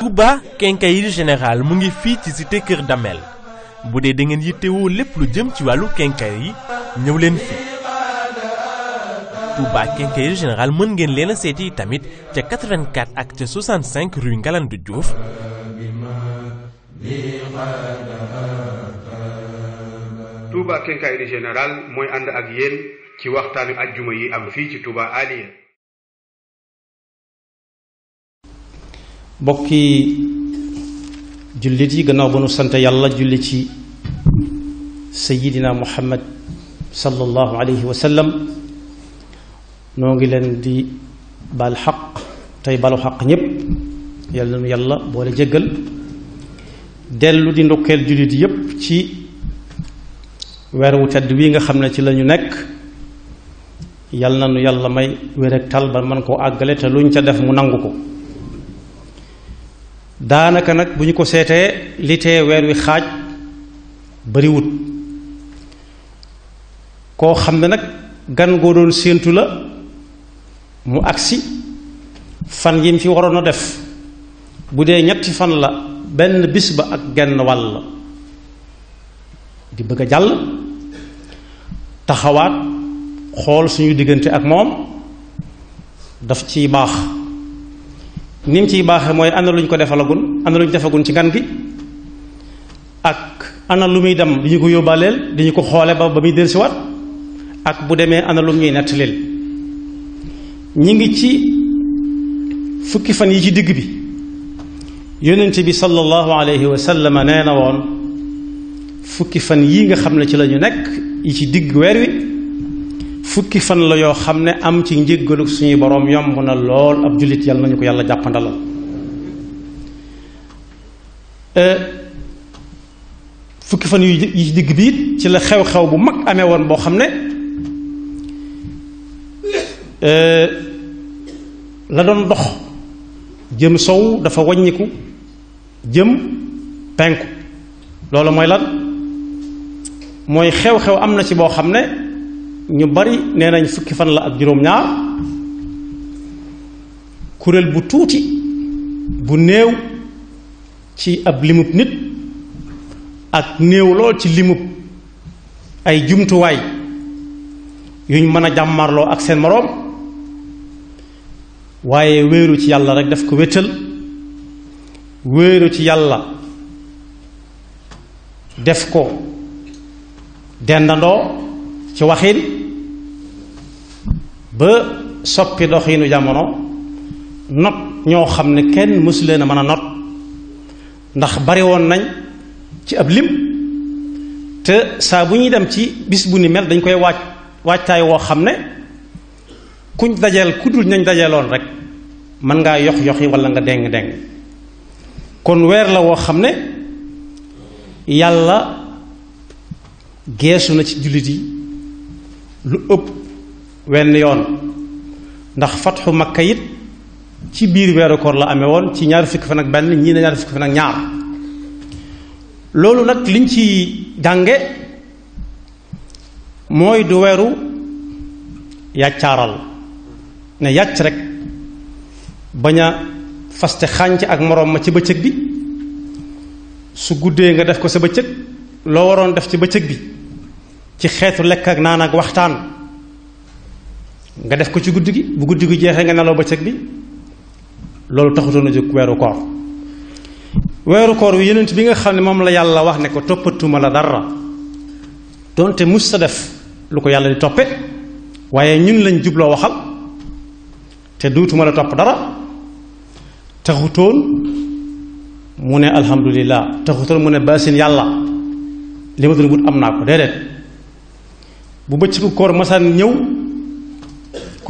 Touba quincaillerie général mu ngi fii ci cité Kër Damel bu dee da ngeen yittewoo lépp lu jëm ci wàllu quincaillerie yi ñëw leen fii Touba quincaillerie générale mën ngeen leena a seeti tamit ca 84 ak ca 65 rue Ngalandou Diouf Touba quincaillerie générale mooy ànd ak yéen ci waxtaanu ajjuma yi am fii ci Touba Aliya mbokki jullit yi gannaaw ba nu sant yàlla julli ci sayidina muhammad sallallahu alayhi wa sallam noo ngi leen di baal xaq tey balu xaq ñépp yàlla nu yàlla boole jéggal dellu di ndokkeel jullit yépp ci weer wu tedd wi nga xam ne ci lañu nekk yàlla na nu yàlla may wér ak tal ba mën koo àggale te luñ ca def mu nangu ko daanaka nag bu ñu ko seetee li tee weer wi xaaj bariwut koo xam ne nag gan goo doon séentu la mu agsi fan yi mu fi waroon a def bu dee ñetti fan la benn bis ba ak genn wàll di bëgg a jàll taxawaat xool suñu diggante ak moom daf ciy baax nim ciy baaxe mooy ana luñ ko defalagun ana luñ defagun ci gan gi ak ana lu muy dem di ñu ko yóbbaaleel di ñu ko xoole ba ba muy dellusiwaat ak bu demee ana lu ñuy nettalil ñi ngi ci fukki fan yi ci digg bi yonent bi sallallahu alayhi wa sallam nee na woon fukki fan yii nga xam ne ci lañu ñu nekk yi ci digg weer wi fukki fan la yoo xam ne am ci njéggalu suñu borom yomb na lool ab jullit yàlla nañu ko yàlla jàppandalal euh, fukki fan yu digg bi ci la xew-xew bu mag amee woon boo xam ne euh, la doon dox jëm sow dafa waññiku jëm penku loolu mooy lan mooy xew-xew am na ci boo xam ne ñu bari nee nañ fukki fan la ak juróom-ñaar kuréel bu tuuti bu néew ci ab limub nit ak néewloo ci limub ay jumtuwaay yuñ mën a jàmmarloo ak seen moroom waaye wéeru ci yàlla rekk def ko wéttal wéeru ci yàlla def ko dendandoo ci waxin ba soppi doxiinu jamono not ñoo xam ne kenn mësu a mën a not ndax bari woon nañ ci ab lim te saa bu ñuy dem ci bis bu ni mel dañ koy waaj waajtaay woo xam ne kuñ dajeel ku dul nañ dajeeloon rek mën ngaa yox yoxi wala nga deng deng kon weer la woo xam ne yàlla geesu na ci jullit yi lu ëpp wenn yoon ndax fatxu makka it ci biir weeru koor la amee woon ci ñaar fukki fan ak benn ñii ne ñaar fukki fan ak ñaar loolu nag liñ ci jànge mooy du weeru yàccaaral ne yàcc rek bañ a faste xànc ak moroom ma ci bëccëg bi su guddee nga def ko sa bëccëg loo waroon def ci bëccëg bi ci xeetu lekk ak naan ak waxtaan nga def ko ci guddi gi bu guddi gu jeexee nga nelaw bëccëg bi loolu taxutoon a jóg weeru koor weeru koor wi yenent bi nga xam ne moom la yàlla wax ne ko toppatuma la dara donte mus sa def lu ko yàlla di toppe waaye ñun lañ jubloo waxal te duutuma la topp dara taxutoon mu ne alhamdulillah taxutoon mu ne baasin yàlla li ma doon wut am naa ko déedéet bu bëccëgu koor masaan ñëw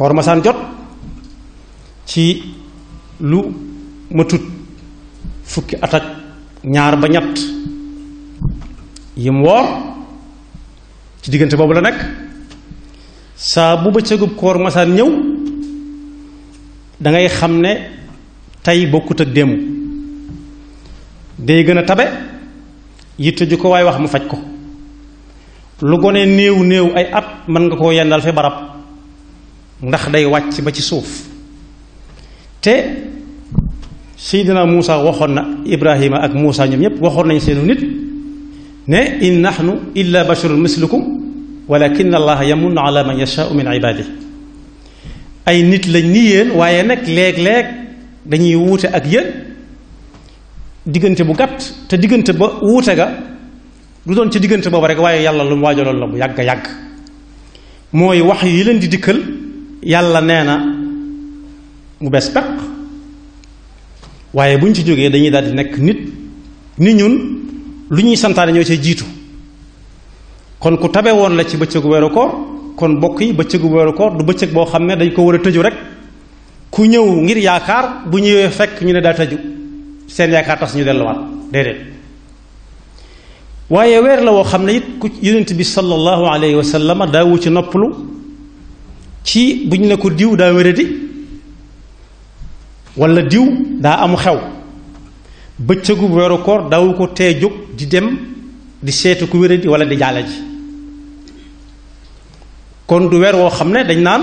koor masaan jot ci lu ma tut fukki at ak ñaar ba ñett yim woor ci diggante boobu la nekk saa bu bëccëgub koor masaan ñëw dangay xam ne tey bokkut ak démb day gën a tabe yitte ko waaye wax mu faj ko lu gone néew néew ay at mën nga koo yendal fi barab ndax day wàcc ba ci suuf te seydina muusa waxoon na ibrahima ak muusa ñoom ñépp waxoon nañ seenu nit ne in nahnu illa basharun mislukum walakin allaha yamunnu ala man yashaau min ibadi ay nit lañ ni yéen waaye nag léeg-léeg dañuy wuute ak yéen diggante bu gàtt te diggante ba wuute ga du doon ci diggante boobu rek waaye yàlla lu mu waajaloon la bu yàgg a yàgg mooy wax yi leen di dikkal yàlla nee na mu bees peq waaye bu ñu ci jógee dañuy daal di nekk nit ni ñun lu ñuy santaane ñoo cee jiitu kon ku tabe woon la ci bëccëgu weeru ko kon bokk yi bëccëgu weeru ko du bëccëg boo xam ne dañ ko war a tëju rek ku ñëw ngir yaakaar bu ñëwee fekk ñu ne daa tëju seen yaakaar tas ñu delluwaat déedéet waaye weer la woo xam ne it ku yonent bi sallallahu alayhi wa sallam daawu ci noppalu ci bu ñu ne ko diw daa wéradi walla diw daa amu xew bëccëgu weeru koor dawu ko tee jóg di dem di seetu ku wéradi walla di jàlla ji kon du weer woo xam ne dañ naan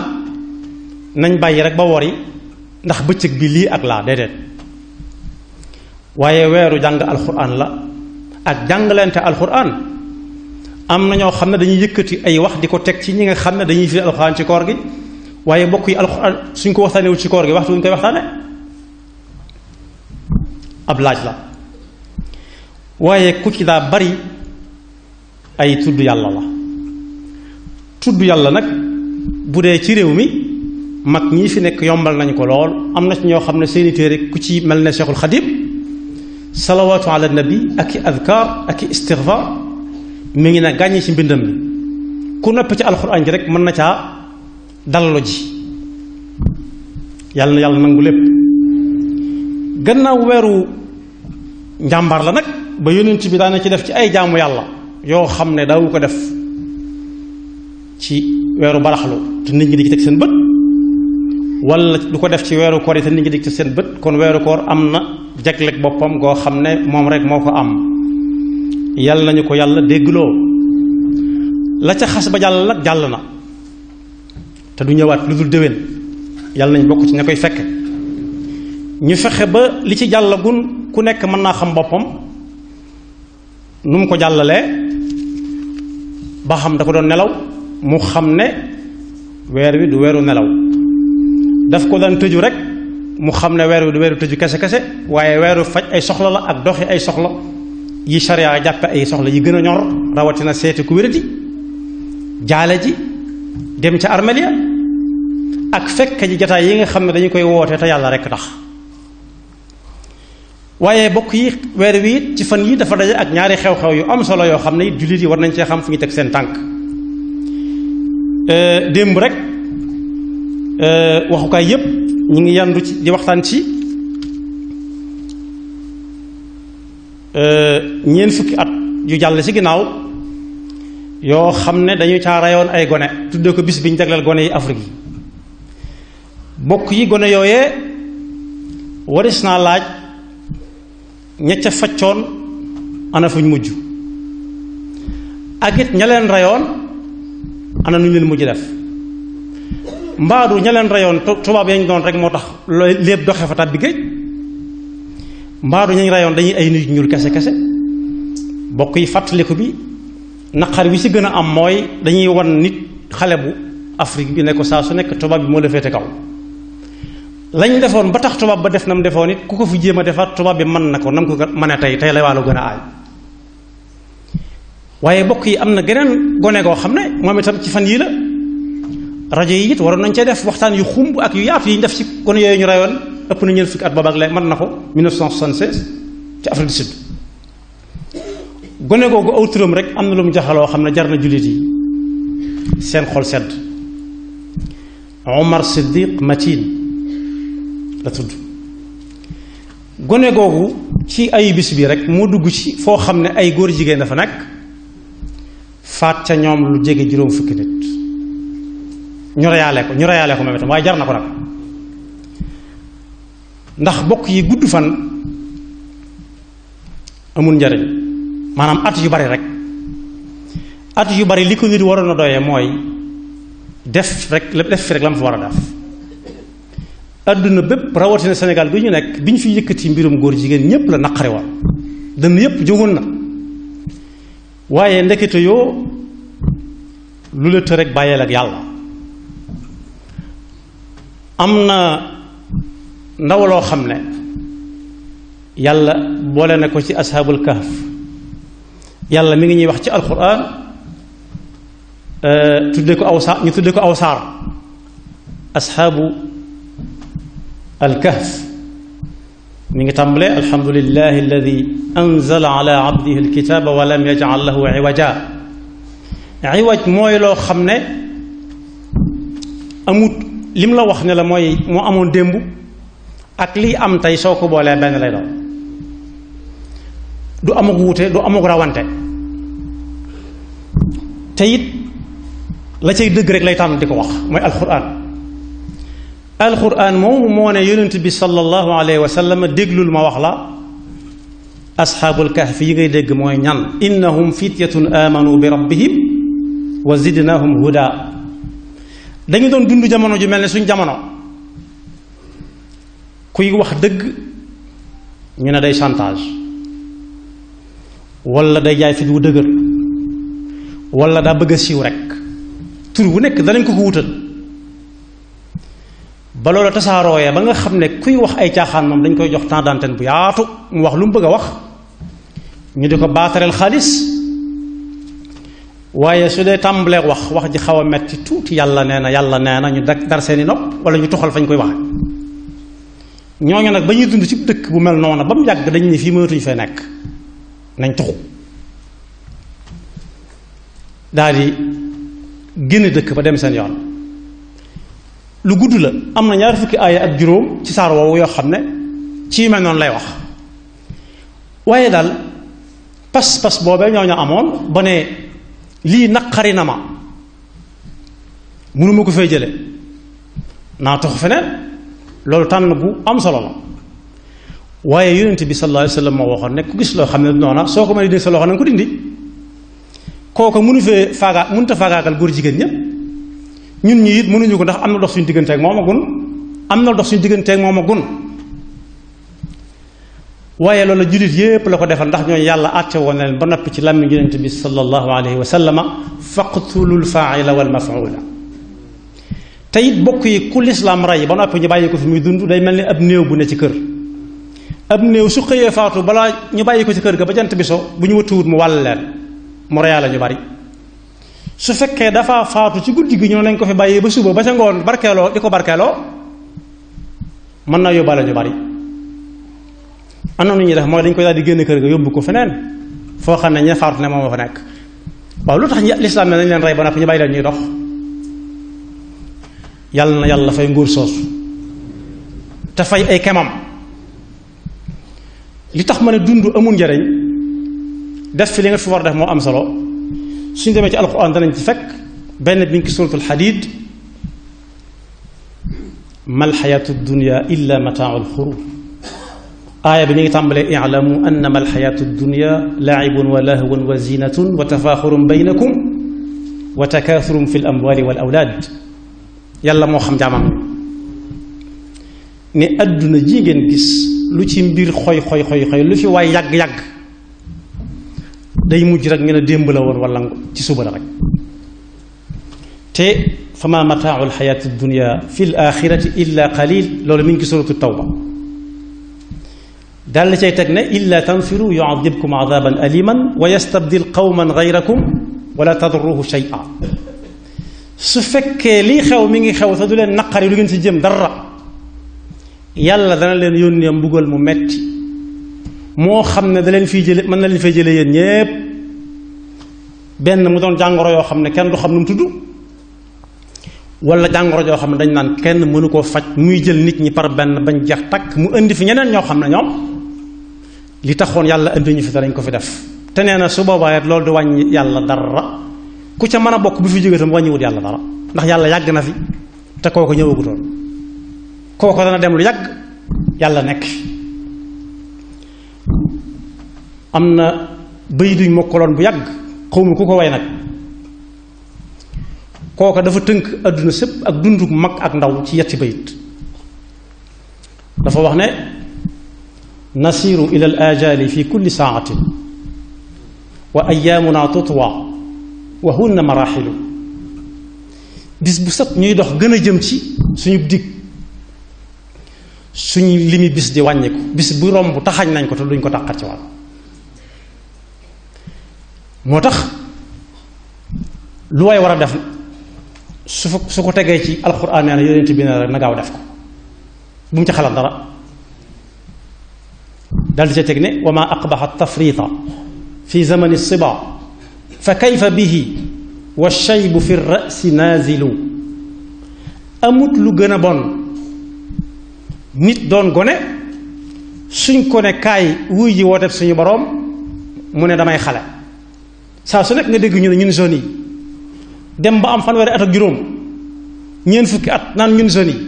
nañ bàyyi rekk ba wori ndax bëccëg bi lii ak laa déedéet waaye weeru jàng alxuraan la ak jàngalante alxuraan am na ñoo xam ne dañuy yëkkati ay wax di ko teg ci ñi nga xam ne dañuy firi alxuraan ci koor gi waaye bokk yi alxuraan suñ ko waxtaanewul ci koor gi waxtu wuñ koy waxtaane ab laaj la waaye ku ci daa bari ay tudd yàlla la tudd yàlla nag bu dee ci réew mi mag ñii fi nekk yombal nañu ko lool am na ñoo xam ne seeni téere ku ci mel ne Cheikhul Xadim salawaatu ala nabi ak i adkaar ak i istigfaar mi ngi ne gàññi ci mbindam mi ku noppi ci alxuraan ji rek mën na caa dalalo ji yàlla na yàlla nangu lépp gannaaw weeru njàmbaar la nag ba yonent bi daana ci def ci ay jaamu yàlla yoo xam ne daawu ko def ci weeru baraxlu te nit ñi di ci seen bët wala du ko def ci weeru koor yi te nit ñi di ci seen bët kon weeru koor am na jagleeg boppam goo xam ne moom rek moo ko am yàlla nañu ko yàlla déggloo la ca xas ba jàll nag jàll na te du ñëwaat lu dul déwén yàlla nañ bokk ci ña koy fekk ñu fexe ba li ci jàllagun ku nekk mën naa xam boppam nu mu ko jàllalee ba xam da ko doon nelaw mu xam ne weer wi du weeru nelaw daf ko daan tëju rek mu xam ne weer wi du weeru tëju kese kese waaye weeru faj ay soxla la ak doxi ay soxla yi sharia jàppe ay soxla yi gën a ñor rawatina seeti ku wéradi jaale ji dem ca armelia ak fekk ji jataay yi nga xam ne dañu koy woote te yàlla rekk tax waaye bokk yi weer wi ci fan yi dafa daje ak ñaari xew-xew yu am solo yoo xam ne it jullit yi war nañ cee xam fu ñu teg seen tànk euh, démb rek euh, waxukaay yépp ñu ngi yandu ci di waxtaan ci Euh, ñeent fukki at yu jàll ci ginnaaw yoo xam ne dañu caa rayoon ay gone tuddee ko bis bi ñu jagleel gone yi Afrique yi bokk yi gone yooyee waris naa laaj ña ca faccoon ana fuñ mujj ak it ña leen rayoon ana nuñ leen mujj def mbaadu ña leen rayoon tubaab yañ doon rek moo tax lépp doxe fa tàbbi géej mbaadu ñu rayoon dañuy ay nit ñuul kese kese bokk yi fàttaliku bi naqar bi ci gën a am mooy dañuy wan nit xale bu Afrique bi ne ko saa su nekk tubaab bi moo la féete kaw lañ defoon ba tax tubaab ba def na mu defoon it ku ko fi jéem a defaat tubaab bi mën na ko nam ko mën tey tey la waa lu gën a aay waaye bokk yi am na geneen gone goo xam ne moom itam ci fan yii la rajo yi it waroon nañ cee def waxtaan yu xumb ak yu yaatu yi ñu def ci gone yooyu ñu rayoon ëpp na ñeent fukki at boobaak léegi mën na ko 1976 ci Afrique du Sud gone googu aw turam rek am na lu mu jaxaloo xam ne jar na jullit yi seen xol sedd Omar Siddiq Matin la tudd gone googu ci ay bis bi rek moo dugg ci foo xam ne ay góor jigéen dafa nag faat ca ñoom lu jege juróom fukki nit ñu reyaale ko ñu reyaale ko moom itam waaye jar na ko nag ndax bokk yi gudd fan amul njariñ maanaam at yu bari rek at yu bari li ko nit waroon a doyee mooy def rek def fi rek la mu fa war a def adduna bépp rawatina senegal bi ñu nekk bi ñu fi yëkkati mbirum góor jigéen ñépp la naqari woon dënn yépp jógoon na waaye ndekete yoo lu la të rek bàyyeel ak yàlla am na ndaw loo xam ne yàlla boole na ko ci ashaabul kahf yàlla mu ngi ñuy wax ci alquran euh, tudde ko aw saar aw saar ashaabu alkahf mu ngi tàmbalee alhamdulillahi alladi anzala ala abdihi alkitaba wa loo xam ne amut lim la wax ne la mooy moo amoon démb ak lii am tey soo ko boolee benn lay doon du amuk wuute du amuk rawante te it la cay dëgg rek lay tànn di ko wax mooy alquran alquran moomu moo ne yonent bi sallallahu alayhi wa sallam déglul ma wax la asxaabul kahfi yi ngay dégg mooy ñan innahum fityatun amanu bi rabbihim wa zidnahum huda dañu doon dund jamono ju mel ni suñ jamono kuy wax dëgg ñu ne day chantage walla day jaay fit wu dëgër walla daa bëgg a siiw rek tur bu nekk danañ ko ko wutal ba loolu tasaaroo ya ba nga xam ne kuy wax ay caaxaan moom dañ koy jox temps bu yaatu mu wax lu mu bëgg a wax ñu di ko baatareel xaalis waaye su dee tàmbalee wax wax ji xaw a metti tuuti yàlla nee na yàlla nee na ñu dar seeni nopp walla ñu toxal fañ koy wax ñooñu nag ba ñuy dund ci dëkk bu mel noonu ba mu yàgg dañ ne fii mënatuñu fay nekk nañ tuxu daal di génn dëkk ba dem seen yoon lu gudd la am na ñaar fukki aaya ak juróom ci saar woowu yoo xam ne ci mel noonu lay wax waaye daal pas-pas boobee ñoo ñu amoon ba ne lii naqari na ma mënuma ko fay jële naa tuxu feneen loolu tànn bu am solo la waaye yonent bi sallallahu alayhi wa sallam moo waxoon ne ku gis loo xam ne noona soo ko mënee dindi sa loxo na nga ko dindi kooku mënu fee faagaa mënut a faagaagal góor jigéen ñëpp ñun ñi it mënuñu ko ndax am na dox suñu diggante ak moom gun am na dox suñu diggante ak moom gun waaye loolu jullit yépp la ko defal ndax ñooñu yàlla àtte woon na ba noppi ci làmmiñ yonent bi sallallahu alayhi wa sallama faqtulul faaila wal mafuula te bokk yi ku lislaam rey ba noppi ñu bàyyi ko fi muy dund day mel ni ab néew bu ne ci kër ab néew su xëyee faatu balaa ñu bàyyi ko ci kër ga ba jant bi so bu ñu wëttuwut mu wàll leen mu reyaa la ñu bari su fekkee dafa faatu ci guddi gi ñu nañ ko fi bàyyi ba suba ba ca ngoon barkeeloo di ko barkeeloo mën naa yóbbaale ñu bari am na nu ñuy def mooy dañ koy daal di génn kër ga yóbbu ko feneen foo xam ne ña faatu ne moom moo fa nekk waaw lu tax lislaam ne nañ leen ba noppi ñu bàyyi yàlla na yàlla fay nguur soosu te fay ay kemam li tax ma ne dund amul njariñ def fi li nga war def moo am solo suñ demee ci alxuraan danañ ci fekk benn bi ngi ci suuratul xadiid mal xayaatu dunya illa mataaul xurur aaya bi ñu ngi tàmbalee i'lamu annama alxayaatu dunya laa'ibun wa lahwun wa zinatun wa tafaaxurun baynakum wa takaasurun fi l amwaali wal awlaad yàlla moo xam jaamam ne àdduna ji ngeen gis lu ci xoy xoy xoy lu fi waay yàgg yàgg day mujj rek ngeen a démb la woon walla ci suba la rek te fa ma mataahu alxayaati dunia fi l axirati illa qalil loolu mi ngi suratu tawba daal la cay teg ne illa tanfiru yuadibkum adaban aliman wa yastabdil qawman gayrakum wala tadruhu shay'a su fekkee lii xew mi ngi xew te du leen naqari du ngeen ci jëm dara yàlla dana leen yónnee mbugal mu metti moo xam ne da leen fiy jële mën na leen fa jële yéen ñépp benn mu doon jàngoro yoo xam ne kenn du xam nu mu tudd wala jàngoro joo xam ne dañ naan kenn mënu koo faj muy jël nit ñi par benn bañ jeex takk mu indi fi ñeneen ñoo xam ne ñoom li taxoon yàlla indi ñu fi te dañ ko fi def te nee na su boobaa loolu du wàññi yàlla dara ku ca mën a bokk bu fi jógee tam wàññiwut yàlla dara ndax yàlla yàgg na fi te kooku ñëwagutoon kooku dana dem lu yàgg yàlla nekk am na bëy duñ mokkaloon bu yàgg xawma ku ko way nag kooka dafa tënk àdduna sépp ak dundu mag ak ndaw ci yetti bayit dafa wax ne nasiru ila al ajali fi kulli saatin wa ayaamuna tutwa waxun na maraaxilu bis bu sëpp ñuy dox gën a jëm ci suñu digg suñu limi bis di wàññiku bis bu romb taxañ nañ ko te duñ ko tàqat ci wàll moo tax lu way war a def su fa su ko tegee ci alxuraan nee na yonent bi ne rek na gaaw def ko bu mu ci xalaat dara dal di teg ne wa ma aqbaxa tafrita fi zamani siba fa kayfa bihi wa shaybu fi rasi naazilu amut lu gën a bon nit doon gone suñ ko ne kaay wuy ji wooteeb suñu boroom mu ne damay xale saa su nekk nga dégg ñu ne ñun zone yi dem ba am fanweeri at ak juróom ñeent fukki at naan ñun zone yi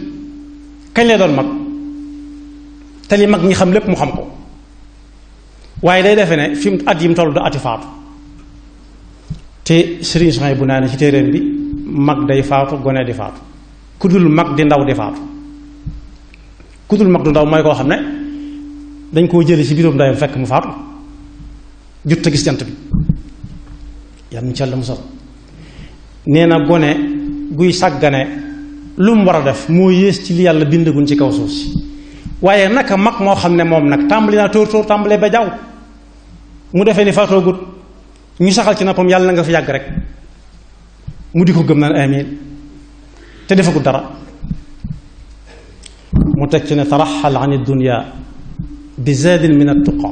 kañ lay doon mag te li mag ñi xam lépp mu xam ko waaye day defe ne fi mu at yi mu toll du ati faatu te Serigne Souhaïbou bu naa ne ci téeréer bi mag day faatu gone di faatu ku dul mag di ndaw di faatu ku mag du ndaw mooy koo xam ne dañ koo jële ci biirum ndayam fekk mu faatu jutta gis jant bi yàlla mu ci mu sol nee na gone guy sàggane lu mu war a def moo yées ci li yàlla bindaguñ ci kaw suuf si waaye naka mag moo xam ne moom nag tàmbali tóor tóor tàmbalee ba jaww mu defee ni faatoogut ñu saxal ci noppam yàlla na nga fi yàgg rek mu di ko gëm naan amiin te defagul dara mu teg ci ne taraxal an dunya bi zaadin min attuqa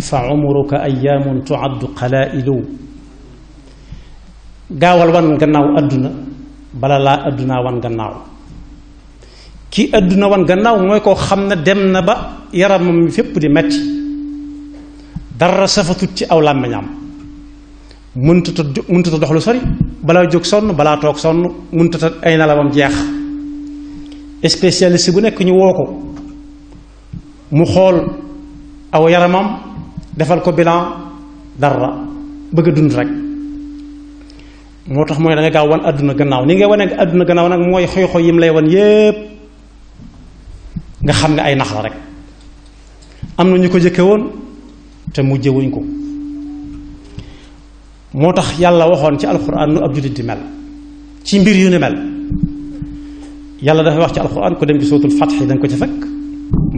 fa umruka ayaamun tuaddu qalailu gaawal wan gannaaw adduna bala laa addunaa wan gannaaw kii adduna wan gannaaw mooy koo xam ne dem na ba yaramam fépp di metti dara safatut ci aw làmmiñam mëntuta mëntuta dox lu sori balaa jóg sonn balaa toog sonn mëntuta ay nalawam jeex spécialiste bu nekk ñu woo ko mu xool aw yaramam defal ko bilan dara bëgg a dund rek moo tax mooy da nga gaaw wan àdduna gannaaw ni nga wane àdduna gannaaw nag mooy xoy-xoy yim lay wan yépp nga xam ne ay nax la rek am na ñu ko jëkke woon te mu jëwuñ ko moo tax yàlla waxoon ci alxuraan nu ab jullit di mel ci mbir yu ni mel yàlla dafa wax ci alxuraan ku dem ci sootul fatxi da nga ko ci fekk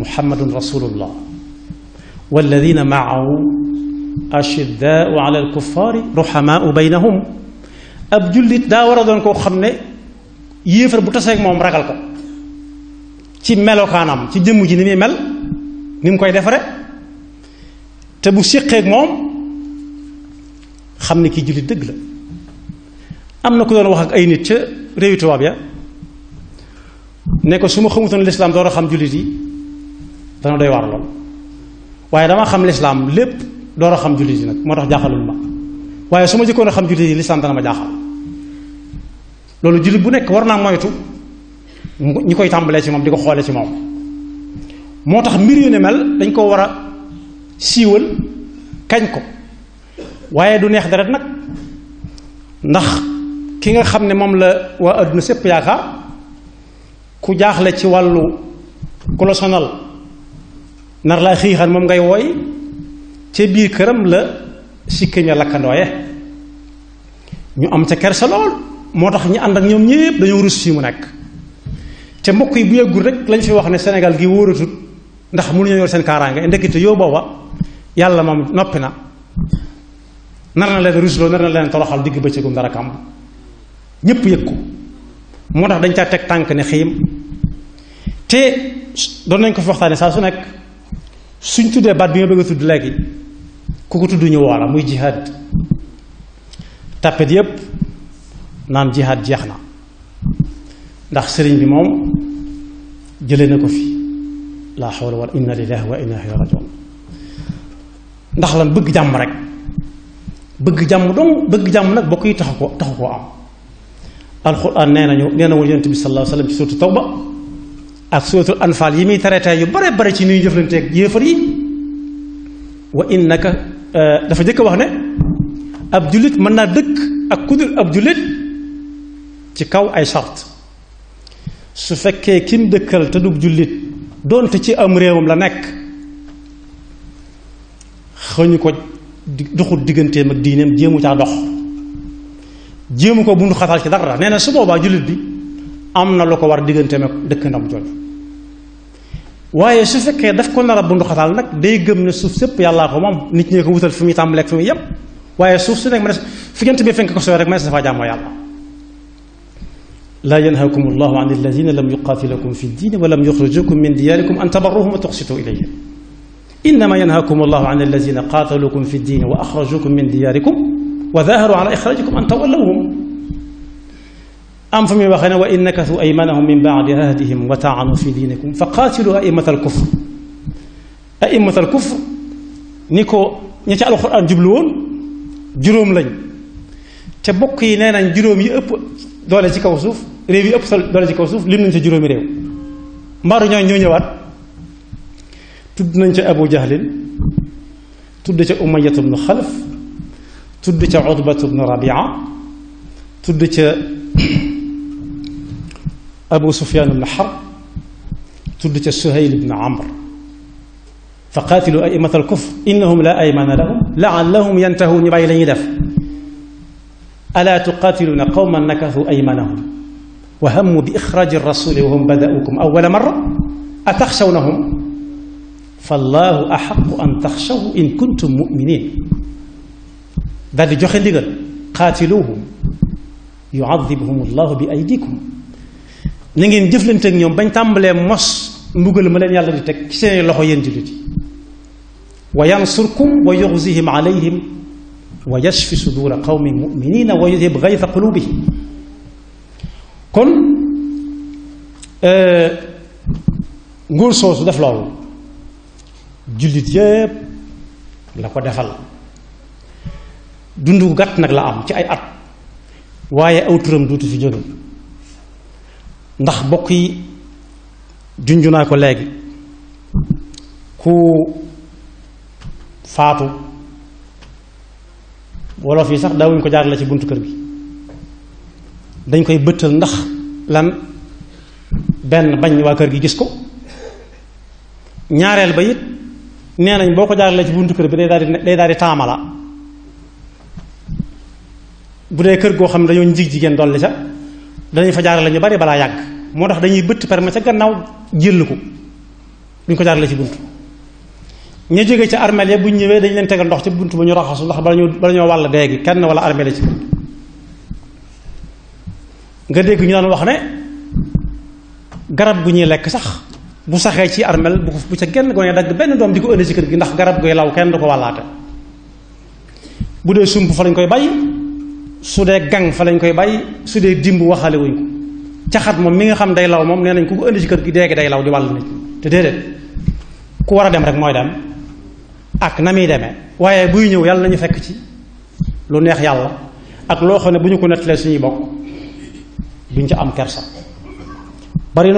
muhammadun rasulullah walladina maahu ashiddaau ala alkuffaari ruhamaau daa war doon koo xam ne yéefar bu taseeg moom ragal ko ci melokaanam ci jëmm ji ni muy mel ni mu koy defare te bu séqeek moom xam ne kii jullit dëgg la am na ku doon wax ak ay nit ca réewi tubaab ya nekk su ma xamutoon lislaam door a xam jullit yi dana doy waar lool waaye dama xam lislaam lépp door a xam jullit yi nag moo tax jaaxalul ma waaye xam jullit yi lislaam dana ma jaaxal loolu jullit bu nekk war naa moytu ñi koy tàmbalee ci moom di ko xoolee ci moom moo tax mbir yu ne mel dañ koo war siiwal kañ ko waaye du neex deret nag ndax ki nga xam ne moom la waa adduna sépp yaakaar ku jaaxle ci wàllu ku la sonal nar laa xiixan moom ngay woy ca biir këram la sikkiñ a lakkandooye ñu am ca kersa lool moo tax ñu ànd ak ñoom ñépp dañoo rus fii mu nekk te mbokk yi bu yëggul rek lañ fi wax ne senegal gi wóoratut ndax mënuñoo yor seen kaaraange ndekete yoo booba yàlla moom noppi na nar na leen leen toroxal digg bëccëgum dara kàmb ñépp yëg ko moo tax dañ caa teg tànk ne xiim te doon nañ ko fi waxtaane saa su nekk suñ tuddee baat bi nga bëgg a tudd léegi ku ko tudd ñu woola muy jihaad tàppet yépp naan jihaad jeex na ndax sëriñ bi moom jëlee na ko fi laa xawla wala inna lillahi wa inna ilayhi rajiun ndax lan bëgg jàmm rek bëgg jàmm dong bëgg jàmm nag bokk yi taxu ko taxu ko am alxuraan nee nañu nee na woon yonent bi sallallahu alayhi wasallam ci suuratu tawba ak suuratul anfaal yi muy traité yu bare bare ci nuy jëflanteeg yéefar yi wa innaka euh, dafa jëkk wax ne ab jullit mën naa dëkk ak kudul ab jullit ci kaw ay sart su fekkee kim dëkkal te du jullit doonte ci am réewam la nekk xëñu ko doxul digganteem ak diineem jéemu caa dox jéemu ko bundu xatal ci dara nee na su boobaa jullit bi am na lu ko war digganteem ak dëkkandam jooju waaye su fekkee daf ko nar a bundu nag day gëm ne suuf sépp yàllaa ko moom nit ñee ko wutal fi muy tàmbaleeg fi muy yépp waaye suuf su nekk ma ne fi jant bi fenk ko sooy rek ma ne dafaa jaamoo yàlla laa yanhaakum allahu an alladina lam yuqaatilakum fi ddin wa lam yuxrijukum innama yanhaakum allahu an allazina qaatalukum fi ddiini wa axrajukum min diyaarikum wa daaharu ala ixraajikum an tawallawhum am fa muy waxee ne wa in nakasuu aymanahum min baadi ahdihim wa taanu fi diinikum fa qaatilu aimmata alkufr aimmata alkufr ni ko ña ca alxuraan jublu woon juróom lañ te bokk yi nee nañ juróom yi ëpp doole ci kaw suuf réew yi ëpp doole ci kaw suuf lim nañ sa juróomi réew mbaaru ñooñu ñoo ñëwaat tudd nañ ca abu jahlin tudd ca umayat bnu xalaf tudd ca utbatu bnu rabia tudd ca abu sufyaan bnu xarb tudd ca suhayl bnu amr fa qaatilu aimat al kufr innahum la aymana lahum laallahum yantahuun ñu bàyyi la ñuy def alaa tuqaatiluuna qawman nakathu aymanahum wa hammu bi ixraaji rasuli wa hum badaukum awwala marra ataxshawnahum fallaahu axaqu an taxshaw in kuntum muminin daal di joxe ndigal qaatiluuhum yuadibhum allahu bi aydikum na ngeen jëflante ak ñoom bañ tàmbalee mos mbugal ma leen yàlla di teg ci seen loxo yéen jullit yi wa yansurkum wa yuxzihim alayhim wa yashfi sudura qawmin muminina wa yudhib gayta qulubihim kon euh, nguur soosu def loolu jullit yépp la ko defal dund gu gàtt nag la am ci ay at waaye aw turam duutu fi jóge ndax bokk yi junju naa ko léegi ku faatu wolof yi sax daawuñ ko jaar la ci buntu kër gi dañ koy bëttal ndax lan benn bañ waa kër gi gis ko ñaareel ba it nee nañ boo ko jaaralee ci buntu kër bi day daal di day daal di taamala bu dee kër goo xam ne dañoo njig jigéen dolli ca danañ fa jaarale ñu bari balaa yàgg moo tax dañuy bëtt ma ca gannaaw jël ko duñ ko jaarale ci buntu ñu jógee ci armeel ya bu ñu ñëwee dañu leen tegal ndox ci bunt ba ñu raxasu ndax bala ñoo bala ñoo wàll dee gi kenn wala armeel ya ci buntu nga dégg ñu daan wax ne garab gu ñuy lekk sax bu saxee ci armel bu ko bu ca genn gone dagg benn doom di ko ëndi ci kër gi ndax garab goy law kenn du ko wàllaate bu dee sump fa lañ koy bay su dee gang fa lañ koy bay su dee dimb waxaale wuñ ko caxat moom mi nga xam day law moom nee nañ ku ko indi ci kër gi déegi day law di wàll nit te déedéet ku war a dem rek mooy dem ak na muy demee waaye buy ñëw yàlla nañu fekk ci lu neex yàlla ak loo xam ne bu ñu ko nettalee suñuy bokk duñ ca am kersa bari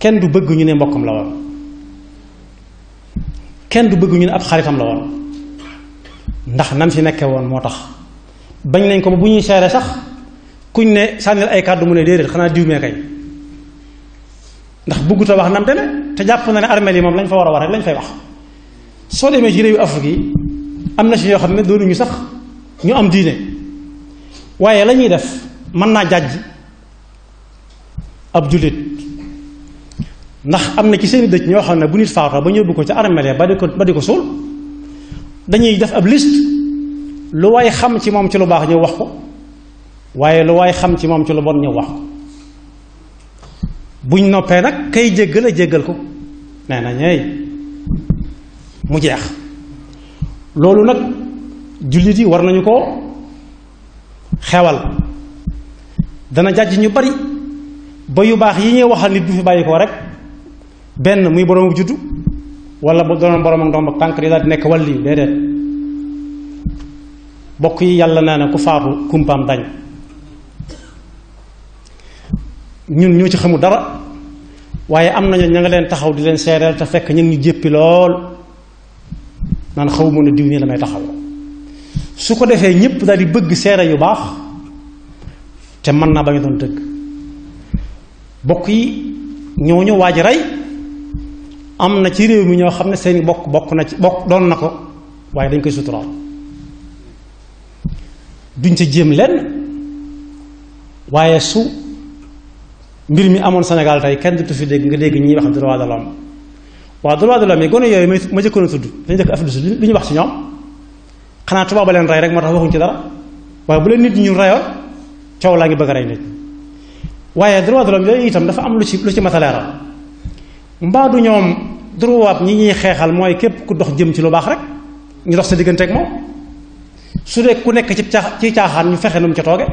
kenn du bëgg ñu ne mbokkam la woon kenn du bëgg ñu ne ab xaritam la woon ndax nam si nekkee woon moo tax bañ nañ ko ba bu ñuy seere sax kuñ ne sànnil ay kàddu mu ne déedéet xanaa diw kay ndax bëgguta wax nam deme te jàpp na ne armeel yi moom lañ fa war a wax rek lañ fay wax soo demee ci réewu Afrique yi am na si yoo xam ne doonuñu sax ñu am diine waaye lañuy def mën naa jàjj ab jullit ndax am na ci seen dëj ñoo xam ne bu nit faatoo ba ñu yóbbu ko ci armeel ba di ko ba di ko suul dañuy def ab liste lu waay xam ci moom ci lu baax ñëw wax ko waaye lu waay xam ci moom ci lu bon ñëw wax ko buñ noppee nag kay jéggal a jéggal ko nee na ñeey mu jeex loolu nag jullit yi war nañu ko xewal dana jàjj ñu bari ba yu baax yi ñuy waxal nit bu fi bàyyi ko rek benn muy boroomu juddu wala bu doon borom ak ndomb tànk di daal di nekk wàlli déedéet bokk yi yàlla naa ne ku faatu kumpaam dañ ñun ñoo ci xamu dara waaye am na ña nga leen taxaw di leen seereel te fekk ñu ngi ñu jéppi lool naan xaw ma ne diw nii la may taxaw su ko defee ñëpp daal di bëgg seere yu baax te mën naa ba ñu doon dëgg bokk yi ñoo ñu waaj rey am na ci réew mi ñoo xam ne seeni bokk bokk na ci bokk doon na ko waaye dañ koy suturaal duñ ca jéem lenn waaye su mbir mi amoon Sénégal tey kenn du fi dégg nga dégg ñi wax droit de l'homme waaw droit de l'homme yi gone yooyu ma jëkkoon a tudd dañu jëkk Afrique du Sud lu wax ci ñoom xanaa tubaab ba leen rey rek moo tax waxuñ ci dara waaye bu leen nit ñi ñu reyoon coow laa ngi bëgg a rey nit waaye droit de l'homme yooyu itam dafa am lu ci lu ci mataleeral du ñoom droit ñi ñuy xeexal mooy képp ku dox jëm ci lu baax rek ñu dox sa diggante ak moom su dee ku nekk ci caa ci caaxaan ñu fexe nu mu ca tooge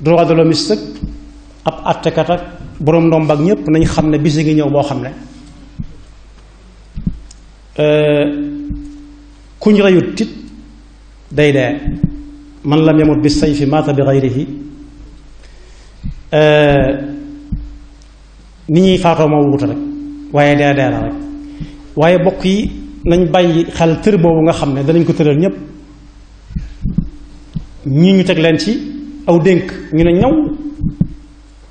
droit de l'homme sëg ab àttekat ak boroom ndomb ak ñépp nañ xam ne bis ngi ñëw boo xam ne euh, kuñ reyut tit day dee man la yamut bi sayfi maata bi gayrihi euh, ni ñuy faatoo moo wuute rek waaye dee dee la rek waaye bokk yi nañ bàyyi xel tër boobu nga xam ne danañ ko tëral ñépp ñii ñu teg leen ci aw dénk ñu ne ñaw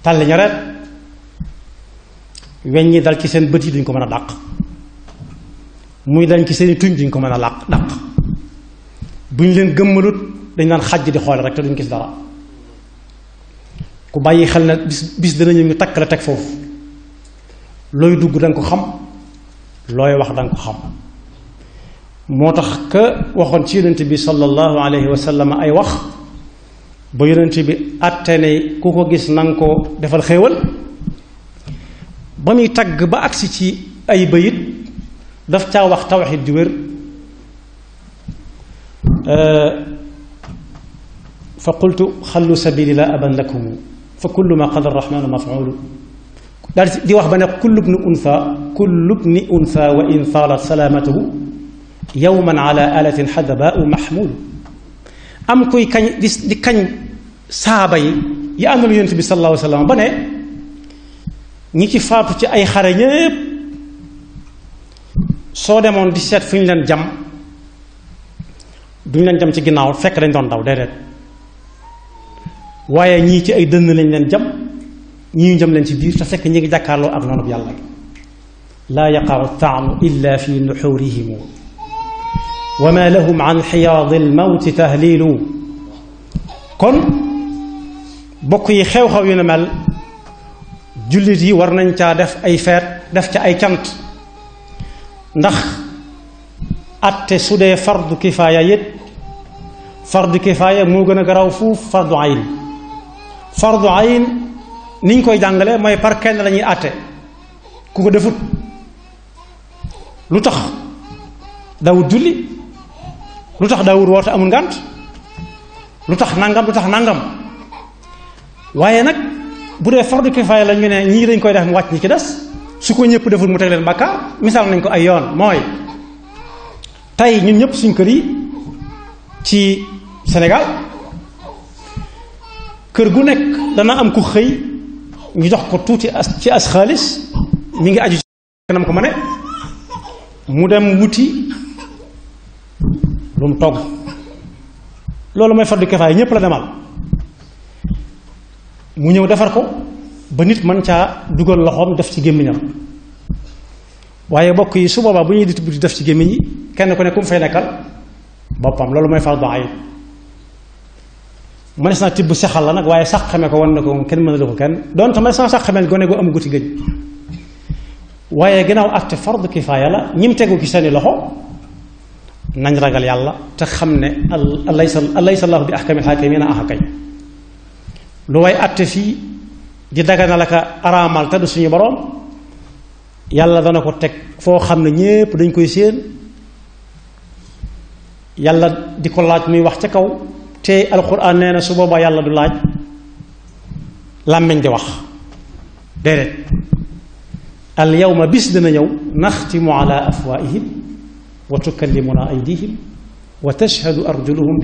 tàlli ñareet weñ ñi dal ci seen bët yi duñ ko mën a dàq muy dañ ci seeni tuñ duñ ko mën a làq dàq buñ leen gëmmalut dañ daan xaj di xoole rek te duñ gis dara ku bàyyi xel na bis bis danañu ñu takk la teg foofu looy dugg danga ko xam looy wax danga ko xam moo tax ka waxoon ci yonent bi sallallahu alayhi wa ay wax ba yonent bi àtte ne ku ko gis nanga ko defal xéewal ba muy tagg ba agsi ci ay bayit daf caa wax tawxid di wér fa qultu xallu sabili la aban lakum fa kullu ma qadar rahmaanu mafulu daal di wax ba ne kullu bni unfa kullu bni unfa wa in taalat salaamatuhu yowman ala alatin xadabaau am kuy kañ di kañ saaba yi yi àndoon yonent bi sallallahu alayhi wa sallam ba ne ñi ci faatu ci ay xare ñépp soo demoon di seet fu ñu leen jam duñ leen jam ci ginnaaw fekk dañ doon daw déedéet waaye ñii ci ay dënn lañ leen jam ñii ñu jëm ci biir te fekk ñi ngi jàkkaarloo ak noonu yàlla gi laa yaqaau taamu illa fi nuxurihim wa ma lahum an xiyaadi almawti tahlilu kon bokk yi xew-xew yu ne mel jullit yi war nañ caa def ay feet def ca ay cant ndax atte su dee fardu kifaaya yit fardu kifaaya moo gën a garaw fuuf fardu ayn fardu ayn niñ koy jàngale mooy par kenn lañuy àtte ku ko defut lu tax daawut julli lu tax daawut woote amul ngànt lu tax nangam lu tax nangam waaye nag bu dee fardu kifaaya la ñu ne ñii dañ koy def mu wàcc ci des su ko ñëpp defut mu teg leen bàkkaar misaal nañ ko ay yoon mooy tey ñun ñëpp suñ kër yi ci Sénégal kër gu nekk dana am ku xëy ñu jox ko tuuti as ci as xaalis mi ngi aju ci kanam ko ma ne mu dem wuti lu mu togg loolu mooy fardu kifaaya ñépp la demal mu ñëw defar ko ba nit man caa dugal loxoom def ci gémmiñam waaye bokk yi su boobaa bu ñuy di def ci gémmiñ yi kenn ku ne ku mu fay nekkal boppam loolu mooy fardu ayn mënees naa tibb sexal la nag waaye sax xamee ko wan na ko moom kenn mënalu ko kenn donte mënees naa sax xamee gone gu am guti gëj waaye gannaaw àtte fard kifaaya la ñim tegu ci seeni loxo nañ ragal yàlla te xam ne alaysa alaysa allahu bi ahkamil haakimiina aha kay lu way àtte fii di daganal ak araamal te du suñu boroom yàlla dana ko teg foo xam ne ñépp dañ koy séen yàlla di ko laaj muy wax ca kaw te alxuraan nee na su boobaa yàlla du laaj làmmiñ di wax déedéet al yawma bis dina ñëw naxtimu ala afwaihim wa tukallimuna aydihim wa tashhadu arjuluhum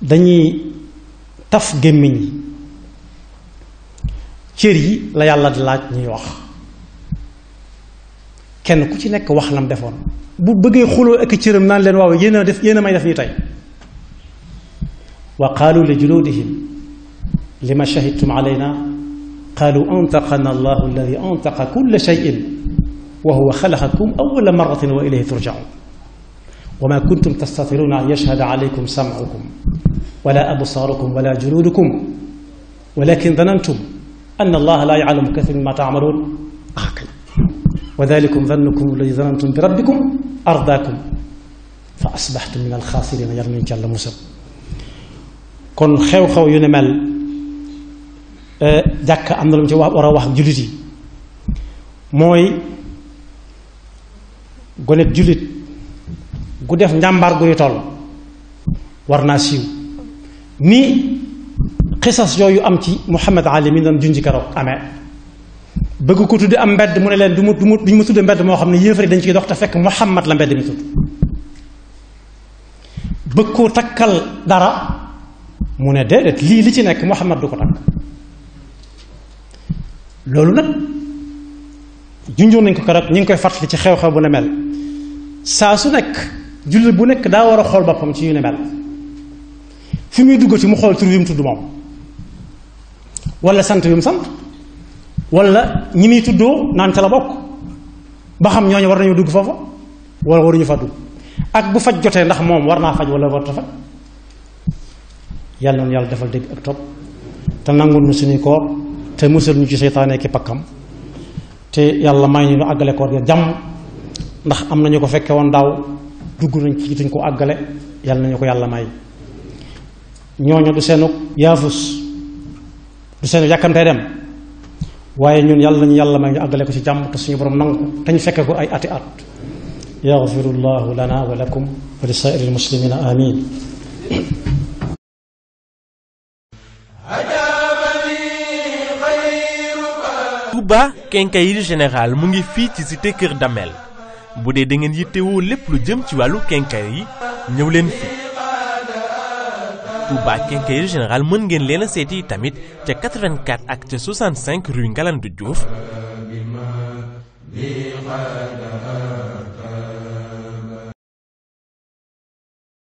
dañuy taf gémmiñ yi cër yi la yàlla di laaj ñuy wax kenn ku ci nekk wax lam defoon bu bëggee xuloo ak cëram naan leen waaw yéen a def yéen a may def ni tey wa qaalu li juluudihim lima shahidtum alayna qaalu antaqana allahu alladi antaqa kulla shayin wa huwa xalaqakum awala maratin wa ilayhi turjaun wa ma kuntum tastatiruuna an yashhada alaykum samcukum wala absaarukum wala juluudukum walakin danantum an allaha laa yaclamu kathiran mimma tacmaluun ah, wa dalikum zannukum alladi zanantum bi rabbikum ardaakum fa asbaxtum min alxaasirina yar nañ ci yàlla kon xew-xew yu ne mel euh, jàkk am na lu mu ci wax war a wax jullit yi mooy gonet jullit gu def njàmbaar guy toll war naa siiw ni xisas yooyu am ci Muhammad Ali mi doon junji keroog amee bëgg ko tudd am mbedd mu ne leen du ma du mu duñu ma tudde mbedd moo xam ne yéefar yi dañ ciy dox te fekk Muhammad la mbedd mi tudd bëgg koo takkal dara mu ne déedéet lii li ci nekk Muhammad du ko takk loolu nag junjoon nañ ko keroog ñu ngi koy fàttali ci xew-xew bu ne mel saa su nekk jullit bu nekk daa war a xool boppam ci yu ne mel fi muy dugg ci mu xool tur yu mu tudd moom wala sant yu mu sant wala ñi muy tuddoo naan la bokk ba xam ñooñu war nañoo dugg foofa wala waruñu fa dugg ak bu faj jotee ndax moom war naa faj wala warta faj yàlla na dégg ak topp te nangul nu suñuy koor te musal ñu ci seytaane ki pakkam te yàlla may ñu ñu àggale koor gi jàmm ndax am nañu ko fekkee woon daaw dugg nañ ci tuñ ko àggale yàlla nañu ko yàlla may ñooñu du seenu yaafus du seenu yàkkamtee dem waaye ñun yàlla nañu yàlla may ñu àggale ko ci jàmm te suñu borom nangu te ñu fekke ko ay ati at yaxfirullahu lana wa lakum wa li saa'iril muslimina amin Touba quincaillerie générale mu ngi fii ci cité Kër Damel bu dee dangeen ngeen yittewoo lépp lu jëm ci wàllu quincaillerie yi ñëw leen fii Touba Quincaillerie Générale mën ngeen leen a seeti tamit ca 84 ak ca 65 rue Ngalandou Diouf